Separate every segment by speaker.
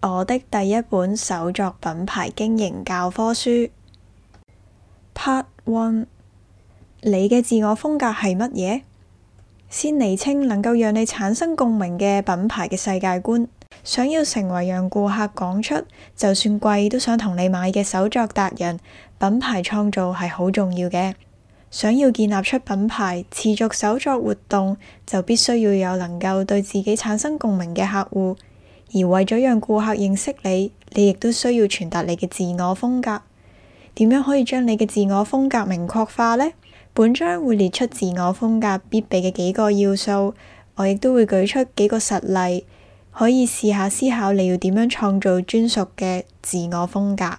Speaker 1: 我的第一本手作品牌經營教科書。Part One，你嘅自我風格係乜嘢？先厘清能夠讓你產生共鳴嘅品牌嘅世界觀。想要成為讓顧客講出就算貴都想同你買嘅手作達人，品牌創造係好重要嘅。想要建立出品牌持續手作活動，就必須要有能夠對自己產生共鳴嘅客戶。而為咗讓顧客認識你，你亦都需要傳達你嘅自我風格。點樣可以將你嘅自我風格明確化呢？本章會列出自我風格必備嘅幾個要素，我亦都會舉出幾個實例，可以試下思考你要點樣創造專屬嘅自我風格。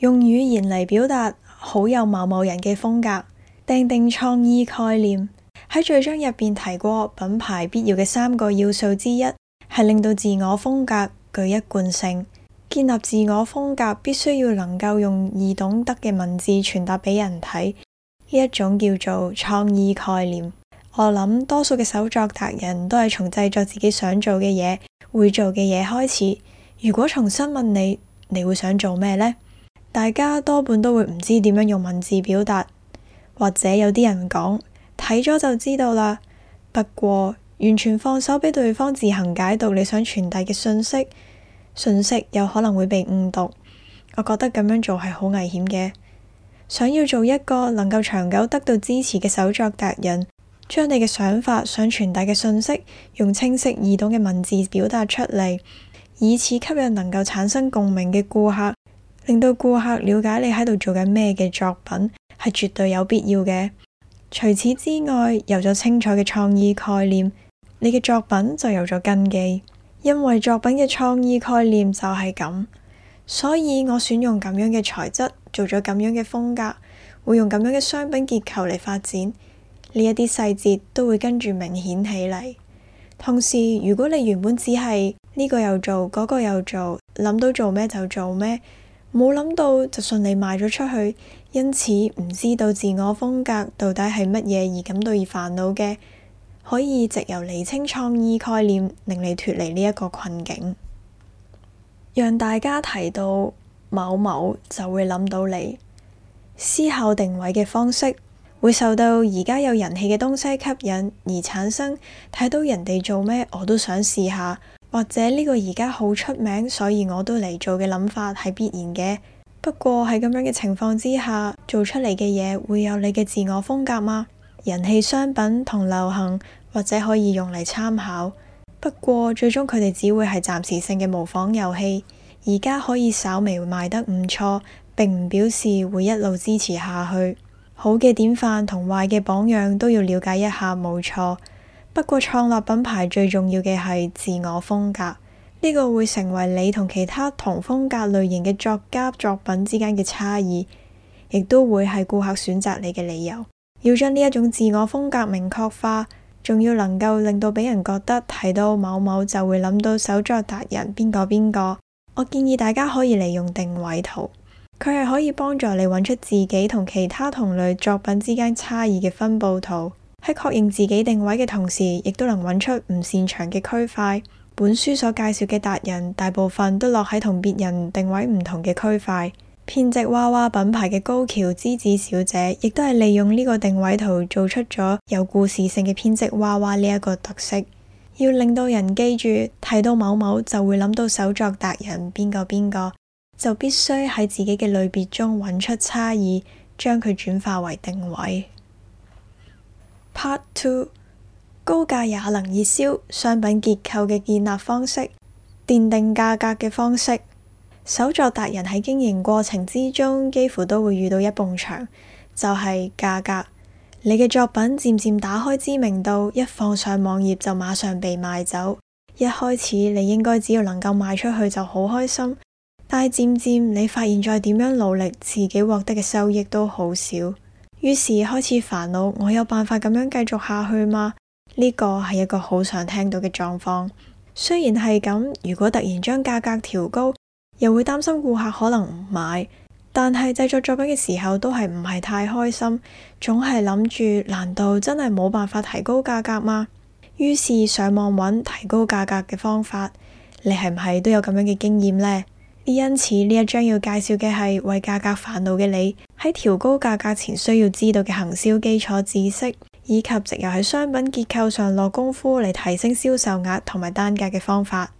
Speaker 1: 用語言嚟表達好有某某人嘅風格，訂定創意概念，喺序章入邊提過品牌必要嘅三個要素之一。係令到自我風格具一貫性。建立自我風格必須要能夠用易懂得嘅文字傳達俾人睇，呢一種叫做創意概念。我諗多數嘅手作達人都係從製作自己想做嘅嘢、會做嘅嘢開始。如果重新問你，你會想做咩呢？大家多半都會唔知點樣用文字表達，或者有啲人講，睇咗就知道啦。不過，完全放手俾對方自行解讀你想傳達嘅信息，信息有可能會被誤讀。我覺得咁樣做係好危險嘅。想要做一個能夠長久得到支持嘅手作達人，將你嘅想法想傳達嘅信息用清晰易懂嘅文字表達出嚟，以此吸引能夠產生共鳴嘅顧客，令到顧客了解你喺度做緊咩嘅作品，係絕對有必要嘅。除此之外，有咗清楚嘅創意概念，你嘅作品就有咗根基，因為作品嘅創意概念就係咁，所以我選用咁樣嘅材質，做咗咁樣嘅風格，會用咁樣嘅商品結構嚟發展，呢一啲細節都會跟住明顯起嚟。同時，如果你原本只係呢個又做，嗰個又做，諗到做咩就做咩，冇諗到就順利賣咗出去，因此唔知道自我風格到底係乜嘢而感到而煩惱嘅。可以藉由厘清創意概念，令你脫離呢一個困境。讓大家提到某某，就會諗到你思考定位嘅方式，會受到而家有人氣嘅東西吸引而產生，睇到人哋做咩，我都想試下。或者呢個而家好出名，所以我都嚟做嘅諗法係必然嘅。不過喺咁樣嘅情況之下，做出嚟嘅嘢會有你嘅自我風格嗎？人氣商品同流行或者可以用嚟參考，不過最終佢哋只會係暫時性嘅模仿遊戲。而家可以稍微賣得唔錯，並唔表示會一路支持下去。好嘅典範同壞嘅榜樣都要了解一下，冇錯。不過創立品牌最重要嘅係自我風格，呢個會成為你同其他同風格類型嘅作家作品之間嘅差異，亦都會係顧客選擇你嘅理由。要將呢一種自我風格明確化，仲要能夠令到俾人覺得提到某某就會諗到手作達人邊個邊個。我建議大家可以利用定位圖，佢係可以幫助你揾出自己同其他同類作品之間差異嘅分佈圖。喺確認自己定位嘅同時，亦都能揾出唔擅長嘅區塊。本書所介紹嘅達人大部分都落喺同別人定位唔同嘅區塊。編織娃娃品牌嘅高橋之子小姐，亦都係利用呢個定位圖，做出咗有故事性嘅編織娃娃呢一個特色。要令到人記住，睇到某某就會諗到手作達人邊個邊個，就必須喺自己嘅類別中揾出差異，將佢轉化為定位。Part two，高價也能熱銷，商品結構嘅建立方式，訂定價格嘅方式。手作達人喺經營過程之中，幾乎都會遇到一埲牆，就係、是、價格。你嘅作品漸漸打開知名度，一放上網頁就馬上被賣走。一開始你應該只要能夠賣出去就好開心，但係漸漸你發現再點樣努力，自己獲得嘅收益都好少，於是開始煩惱：我有辦法咁樣繼續下去嗎？呢個係一個好想聽到嘅狀況。雖然係咁，如果突然將價格調高，又會擔心顧客可能唔買，但係製作作品嘅時候都係唔係太開心，總係諗住，難道真係冇辦法提高價格嗎？於是上網揾「提高價格」嘅方法，你係唔係都有咁樣嘅經驗呢？因此呢一章要介紹嘅係為價格煩惱嘅你喺調高價格前需要知道嘅行銷基礎知識，以及直由喺商品結構上落功夫嚟提升銷售額同埋單價嘅方法。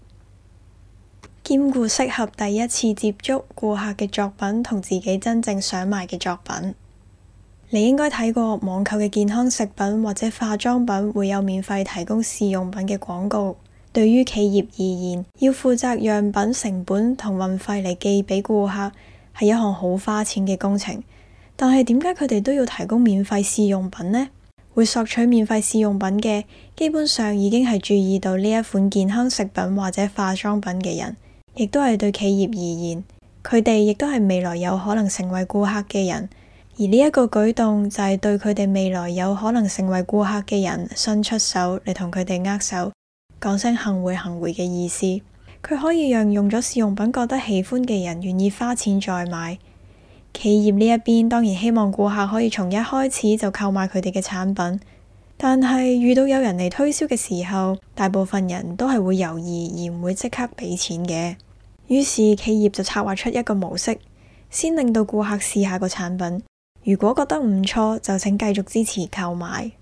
Speaker 1: 兼顧適合第一次接觸顧客嘅作品同自己真正想賣嘅作品。你應該睇過網購嘅健康食品或者化妝品會有免費提供試用品嘅廣告。對於企業而言，要負責樣品成本同運費嚟寄俾顧客，係一項好花錢嘅工程。但係點解佢哋都要提供免費試用品呢？會索取免費試用品嘅，基本上已經係注意到呢一款健康食品或者化妝品嘅人。亦都係對企業而言，佢哋亦都係未來有可能成為顧客嘅人，而呢一個舉動就係對佢哋未來有可能成為顧客嘅人伸出手嚟，同佢哋握手，講聲幸會幸會嘅意思。佢可以讓用咗試用品覺得喜歡嘅人願意花錢再買。企業呢一邊當然希望顧客可以從一開始就購買佢哋嘅產品。但係遇到有人嚟推銷嘅時候，大部分人都係會猶豫而唔會即刻俾錢嘅。於是企業就策劃出一個模式，先令到顧客試下個產品，如果覺得唔錯，就請繼續支持購買。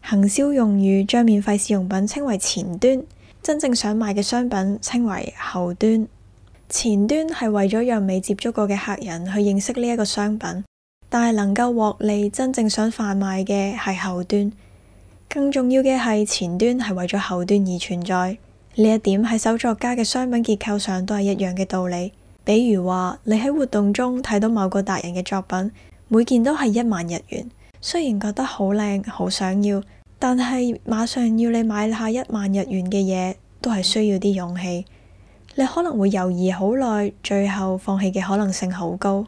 Speaker 1: 行銷用語將免費試用品稱為前端，真正想買嘅商品稱為後端。前端係為咗讓未接觸過嘅客人去認識呢一個商品，但係能夠獲利真正想販賣嘅係後端。更重要嘅係，前端係為咗後端而存在。呢一點喺手作家嘅商品結構上都係一樣嘅道理。比如話，你喺活動中睇到某個達人嘅作品，每件都係一萬日元。雖然覺得好靚，好想要，但係馬上要你買下一萬日元嘅嘢，都係需要啲勇氣。你可能會猶豫好耐，最後放棄嘅可能性好高。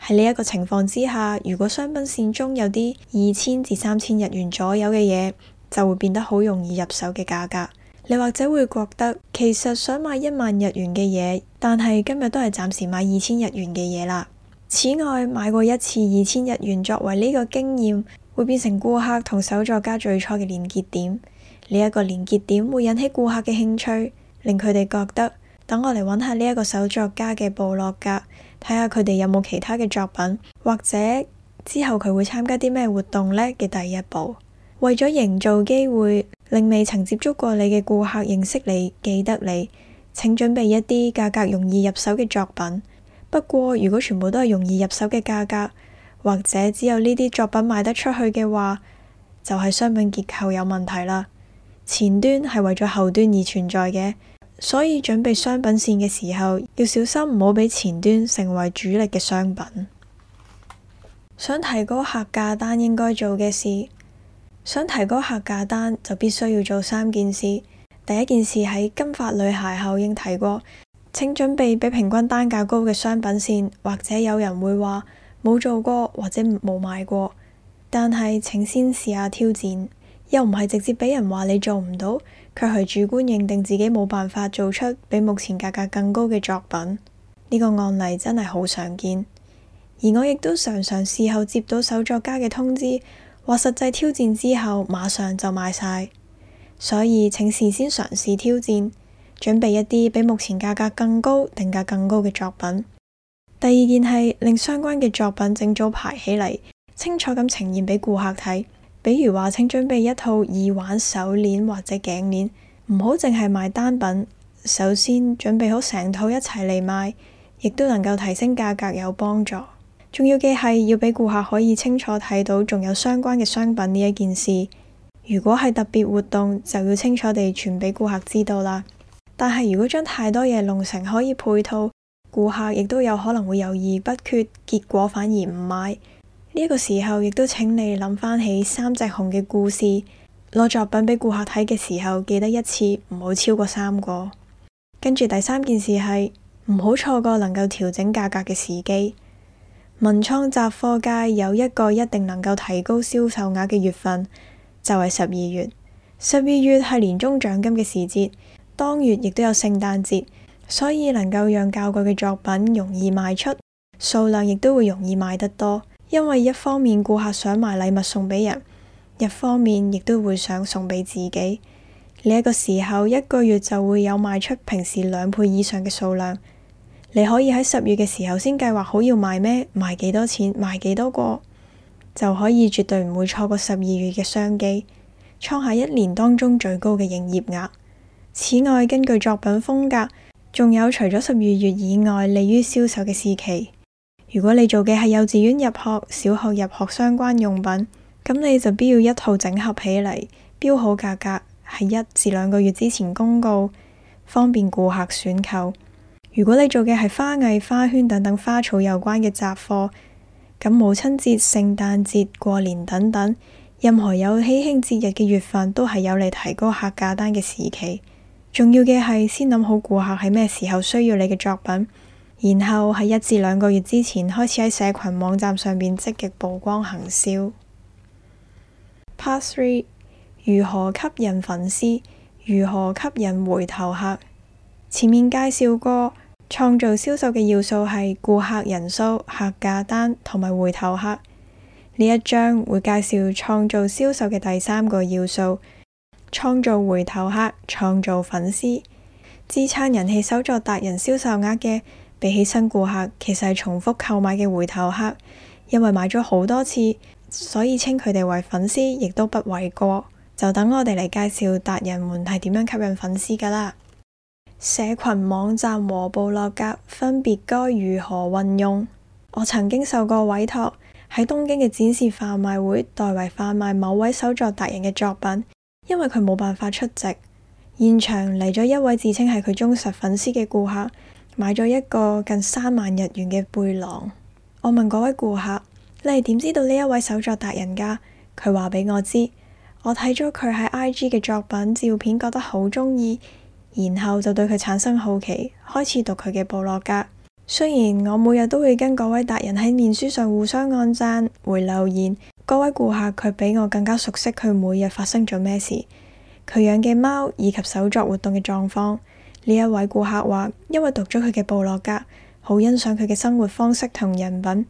Speaker 1: 喺呢一個情況之下，如果商品線中有啲二千至三千日元左右嘅嘢，就會變得好容易入手嘅價格。你或者會覺得其實想買一萬日元嘅嘢，但係今日都係暫時買二千日元嘅嘢啦。此外，買過一次二千日元作為呢個經驗，會變成顧客同手作家最初嘅連結點。呢一個連結點會引起顧客嘅興趣，令佢哋覺得等我嚟揾下呢一個手作家嘅部落格。睇下佢哋有冇其他嘅作品，或者之後佢會參加啲咩活動呢嘅第一步。為咗營造機會，令未曾接觸過你嘅顧客認識你、記得你，請準備一啲價格容易入手嘅作品。不過，如果全部都係容易入手嘅價格，或者只有呢啲作品賣得出去嘅話，就係商品結構有問題啦。前端係為咗後端而存在嘅。所以準備商品線嘅時候，要小心唔好俾前端成為主力嘅商品。想提高客單價應該做嘅事，想提高客單價就必須要做三件事。第一件事喺金髮女孩效應提過，請準備比平均單價高嘅商品線。或者有人會話冇做過或者冇買過，但係請先試下挑戰，又唔係直接俾人話你做唔到。卻係主觀認定自己冇辦法做出比目前價格更高嘅作品，呢、這個案例真係好常見。而我亦都常常事後接到手作家嘅通知，話實際挑戰之後馬上就賣晒，所以請事先，先嘗試挑戰，準備一啲比目前價格更高，定價更高嘅作品。第二件係令相關嘅作品整組排起嚟，清楚咁呈現俾顧客睇。比如話，請準備一套耳環、手鏈或者頸鏈，唔好淨係賣單品。首先準備好成套一齊嚟買，亦都能夠提升價格有幫助。重要嘅係要俾顧客可以清楚睇到仲有相關嘅商品呢一件事。如果係特別活動，就要清楚地傳俾顧客知道啦。但係如果將太多嘢弄成可以配套，顧客亦都有可能會猶豫不決，結果反而唔買。呢個時候亦都請你諗翻起三隻熊嘅故事。攞作品俾顧客睇嘅時候，記得一次唔好超過三個。跟住第三件事係唔好錯過能夠調整價格嘅時機。文創雜貨界有一個一定能夠提高銷售額嘅月份，就係十二月。十二月係年終獎金嘅時節，當月亦都有聖誕節，所以能夠讓較貴嘅作品容易賣出，數量亦都會容易賣得多。因為一方面顧客想買禮物送俾人，一方面亦都會想送俾自己。呢一個時候，一個月就會有賣出平時兩倍以上嘅數量。你可以喺十月嘅時候先計劃好要賣咩，賣幾多錢，賣幾多個，就可以絕對唔會錯過十二月嘅商機，創下一年當中最高嘅營業額。此外，根據作品風格，仲有除咗十二月以外，利於銷售嘅時期。如果你做嘅係幼稚園入學、小學入學相關用品，咁你就必要一套整合起嚟，標好價格，喺一至兩個月之前公告，方便顧客選購。如果你做嘅係花藝、花圈等等花草有關嘅雜貨，咁母親節、聖誕節、過年等等，任何有喜慶節日嘅月份，都係有利提高客價單嘅時期。重要嘅係先諗好顧客喺咩時候需要你嘅作品。然後喺一至兩個月之前開始喺社群網站上邊積極曝光行銷。Part three，如何吸引粉絲？如何吸引回頭客？前面介紹過創造銷售嘅要素係顧客人數、客價單同埋回頭客。呢一章會介紹創造銷售嘅第三個要素：創造回頭客、創造粉絲，支撐人氣手作達人銷售額嘅。比起新顧客，其實係重複購買嘅回頭客，因為買咗好多次，所以稱佢哋為粉絲亦都不為過。就等我哋嚟介紹達人們係點樣吸引粉絲㗎啦。社群網站和部落格分別該如何運用？我曾經受過委託喺東京嘅展示販賣會代為販賣某位手作達人嘅作品，因為佢冇辦法出席，現場嚟咗一位自稱係佢忠實粉絲嘅顧客。買咗一個近三萬日元嘅背囊。我問嗰位顧客：你係點知道呢一位手作達人㗎？佢話俾我知，我睇咗佢喺 IG 嘅作品照片，覺得好鍾意，然後就對佢產生好奇，開始讀佢嘅部落格。雖然我每日都會跟嗰位達人喺面書上互相按讚、回留言，嗰位顧客佢比我更加熟悉佢每日發生咗咩事，佢養嘅貓以及手作活動嘅狀況。呢一位顧客話，因為讀咗佢嘅部落格，好欣賞佢嘅生活方式同人品，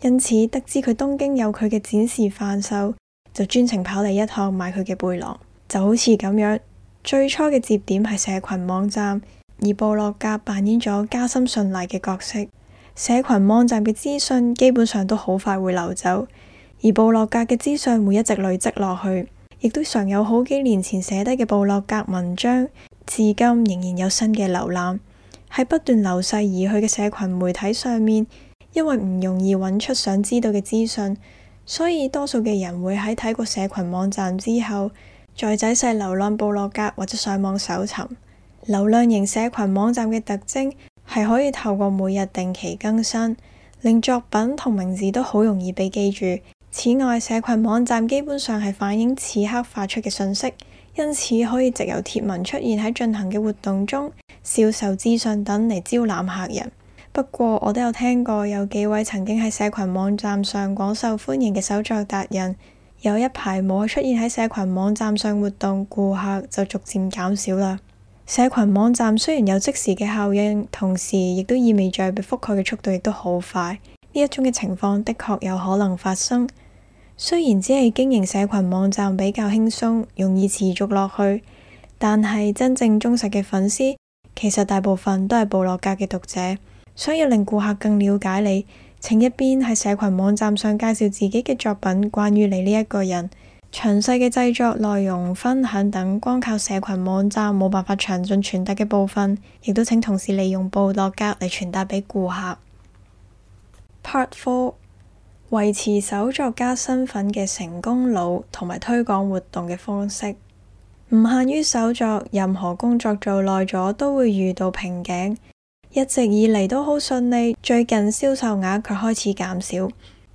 Speaker 1: 因此得知佢東京有佢嘅展示販售，就專程跑嚟一趟買佢嘅背囊。就好似咁樣，最初嘅接點係社群網站，而部落格扮演咗加深信賴嘅角色。社群網站嘅資訊基本上都好快會流走，而部落格嘅資訊會一直累積落去，亦都常有好幾年前寫低嘅部落格文章。至今仍然有新嘅瀏覽，喺不斷流逝而去嘅社群媒體上面，因為唔容易揾出想知道嘅資訊，所以多數嘅人會喺睇過社群網站之後，再仔細瀏覽部落格或者上網搜尋。流量型社群網站嘅特徵係可以透過每日定期更新，令作品同名字都好容易被記住。此外，社群網站基本上係反映此刻發出嘅信息。因此可以藉由貼文出現喺進行嘅活動中，銷售資訊等嚟招攬客人。不過我都有聽過有幾位曾經喺社群網站上廣受歡迎嘅手作達人，有一排冇出現喺社群網站上活動，顧客就逐漸減少啦。社群網站雖然有即時嘅效應，同時亦都意味着被覆蓋嘅速度亦都好快。呢一種嘅情況，的確有可能發生。雖然只係經營社群網站比較輕鬆，容易持續落去，但係真正忠實嘅粉絲，其實大部分都係部落格嘅讀者。想要令顧客更了解你，請一邊喺社群網站上介紹自己嘅作品，關於你呢一個人，詳細嘅製作內容分享等，光靠社群網站冇辦法詳盡傳達嘅部分，亦都請同時利用部落格嚟傳達俾顧客。Part four。維持手作家身份嘅成功腦同埋推廣活動嘅方式，唔限於手作。任何工作做耐咗都會遇到瓶頸。一直以嚟都好順利，最近銷售額卻開始減少。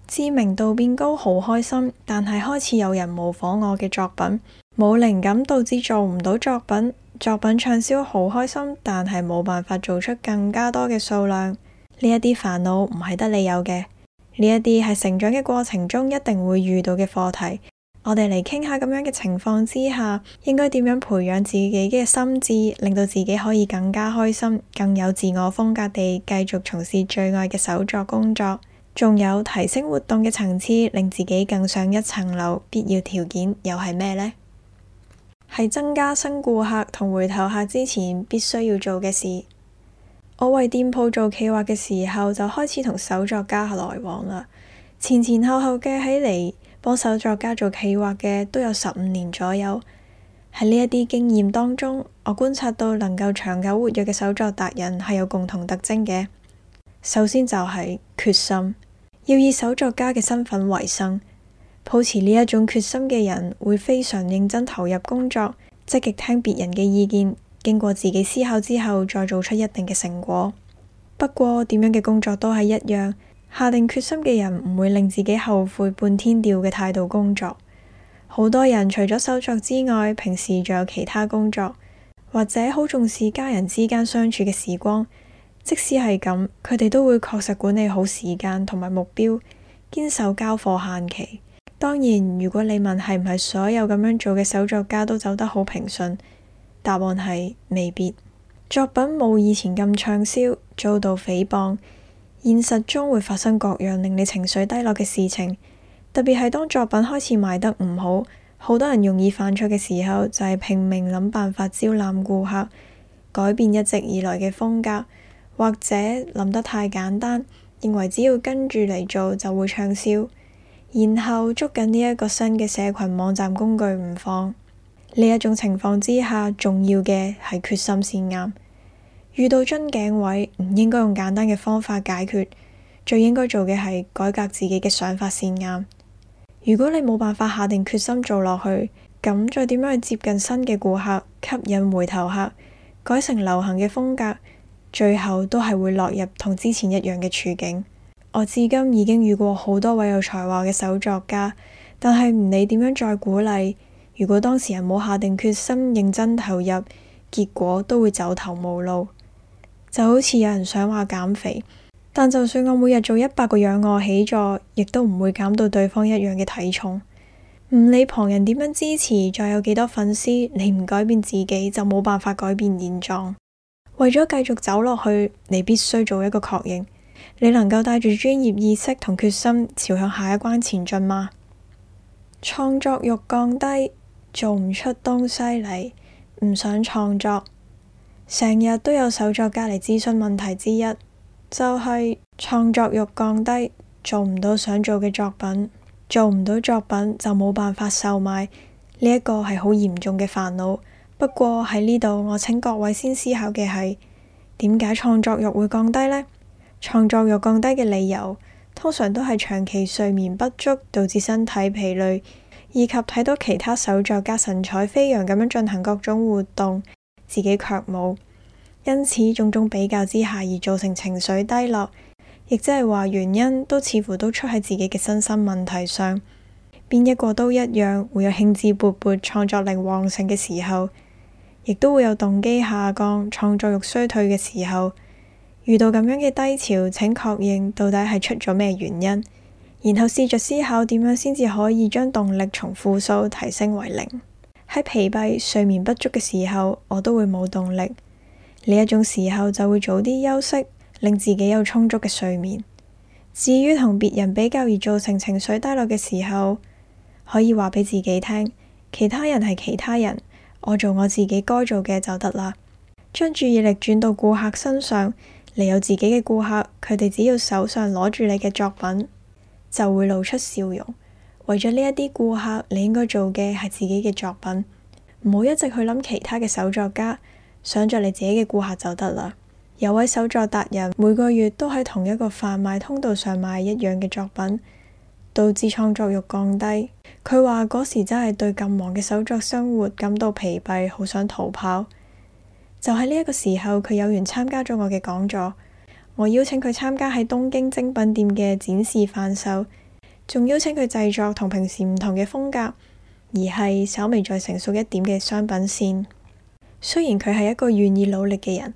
Speaker 1: 知名度變高，好開心，但係開始有人模仿我嘅作品，冇靈感導致做唔到作品。作品暢銷，好開心，但係冇辦法做出更加多嘅數量。呢一啲煩惱唔係得你有嘅。呢一啲係成長嘅過程中一定會遇到嘅課題，我哋嚟傾下咁樣嘅情況之下，應該點樣培養自己嘅心智，令到自己可以更加開心、更有自我風格地繼續從事最愛嘅手作工作，仲有提升活動嘅層次，令自己更上一層樓，必要條件又係咩呢？係增加新顧客同回頭客之前必須要做嘅事。我為店鋪做企劃嘅時候，就開始同手作家來往啦。前前後後計起嚟幫手作家做企劃嘅，都有十五年左右。喺呢一啲經驗當中，我觀察到能夠長久活躍嘅手作達人係有共同特徵嘅。首先就係決心，要以手作家嘅身份為生。抱持呢一種決心嘅人，會非常認真投入工作，積極聽別人嘅意見。經過自己思考之後，再做出一定嘅成果。不過點樣嘅工作都係一樣，下定決心嘅人唔會令自己後悔半天吊嘅態度工作。好多人除咗手作之外，平時仲有其他工作，或者好重視家人之間相處嘅時光。即使係咁，佢哋都會確實管理好時間同埋目標，堅守交貨限期。當然，如果你問係唔係所有咁樣做嘅手作家都走得好平順？答案係未必。作品冇以前咁暢銷，遭到誹謗，現實中會發生各樣令你情緒低落嘅事情。特別係當作品開始賣得唔好，好多人容易犯錯嘅時候，就係拼命諗辦法招攬顧客，改變一直以來嘅風格，或者諗得太簡單，認為只要跟住嚟做就會暢銷，然後捉緊呢一個新嘅社群網站工具唔放。呢一種情況之下，重要嘅係決心先啱。遇到樽頸位，唔應該用簡單嘅方法解決，最應該做嘅係改革自己嘅想法先啱。如果你冇辦法下定決心做落去，咁再點樣去接近新嘅顧客，吸引回頭客，改成流行嘅風格，最後都係會落入同之前一樣嘅處境。我至今已經遇過好多位有才華嘅手作家，但係唔理點樣再鼓勵。如果當事人冇下定決心認真投入，結果都會走投無路。就好似有人想話減肥，但就算我每日做一百個仰臥起坐，亦都唔會減到對方一樣嘅體重。唔理旁人點樣支持，再有幾多粉絲，你唔改變自己就冇辦法改變現狀。為咗繼續走落去，你必須做一個確認：你能夠帶住專業意識同決心，朝向下一關前進嗎？創作欲降低。做唔出東西嚟，唔想創作，成日都有手作家嚟諮詢問題之一，就係、是、創作欲降低，做唔到想做嘅作品，做唔到作品就冇辦法售賣，呢、這、一個係好嚴重嘅煩惱。不過喺呢度，我請各位先思考嘅係，點解創作欲會降低呢？創作欲降低嘅理由，通常都係長期睡眠不足導致身體疲累。以及睇到其他手作家神采飛揚咁樣進行各種活動，自己卻冇，因此種種比較之下而造成情緒低落，亦即係話原因都似乎都出喺自己嘅身心問題上。邊一個都一樣，會有興致勃勃、創作力旺盛嘅時候，亦都會有動機下降、創作欲衰退嘅時候。遇到咁樣嘅低潮，請確認到底係出咗咩原因。然後試着思考點樣先至可以將動力從負數提升為零。喺疲憊、睡眠不足嘅時候，我都會冇動力。呢一種時候就會早啲休息，令自己有充足嘅睡眠。至於同別人比較而造成情緒低落嘅時候，可以話俾自己聽，其他人係其他人，我做我自己該做嘅就得啦。將注意力轉到顧客身上，嚟有自己嘅顧客，佢哋只要手上攞住你嘅作品。就會露出笑容。為咗呢一啲顧客，你應該做嘅係自己嘅作品，唔好一直去諗其他嘅手作家，想著你自己嘅顧客就得啦。有位手作達人每個月都喺同一個販賣通道上賣一樣嘅作品，導致創作欲降低。佢話嗰時真係對咁忙嘅手作生活感到疲憊，好想逃跑。就喺呢一個時候，佢有緣參加咗我嘅講座。我邀請佢參加喺東京精品店嘅展示販售，仲邀請佢製作同平時唔同嘅風格，而係稍微再成熟一點嘅商品線。雖然佢係一個願意努力嘅人，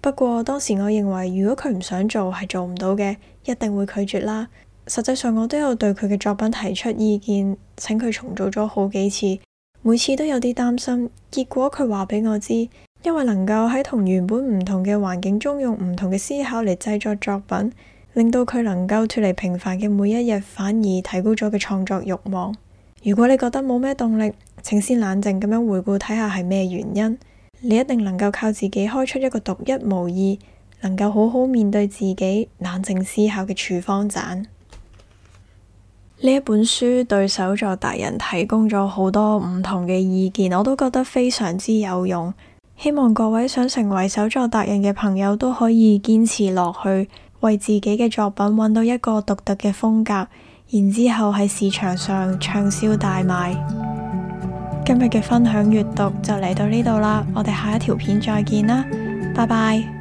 Speaker 1: 不過當時我認為如果佢唔想做係做唔到嘅，一定會拒絕啦。實際上我都有對佢嘅作品提出意見，請佢重做咗好幾次，每次都有啲擔心。結果佢話俾我知。因為能夠喺同原本唔同嘅環境中用唔同嘅思考嚟製作作品，令到佢能夠脫離平凡嘅每一日，反而提高咗個創作欲望。如果你覺得冇咩動力，請先冷靜咁樣回顧睇下係咩原因。你一定能夠靠自己開出一個獨一無二，能夠好好面對自己、冷靜思考嘅處方箋。呢一本書對手作達人提供咗好多唔同嘅意見，我都覺得非常之有用。希望各位想成為手作達人嘅朋友都可以堅持落去，為自己嘅作品揾到一個獨特嘅風格，然之後喺市場上暢銷大賣。今日嘅分享閱讀就嚟到呢度啦，我哋下一條片再見啦，拜拜。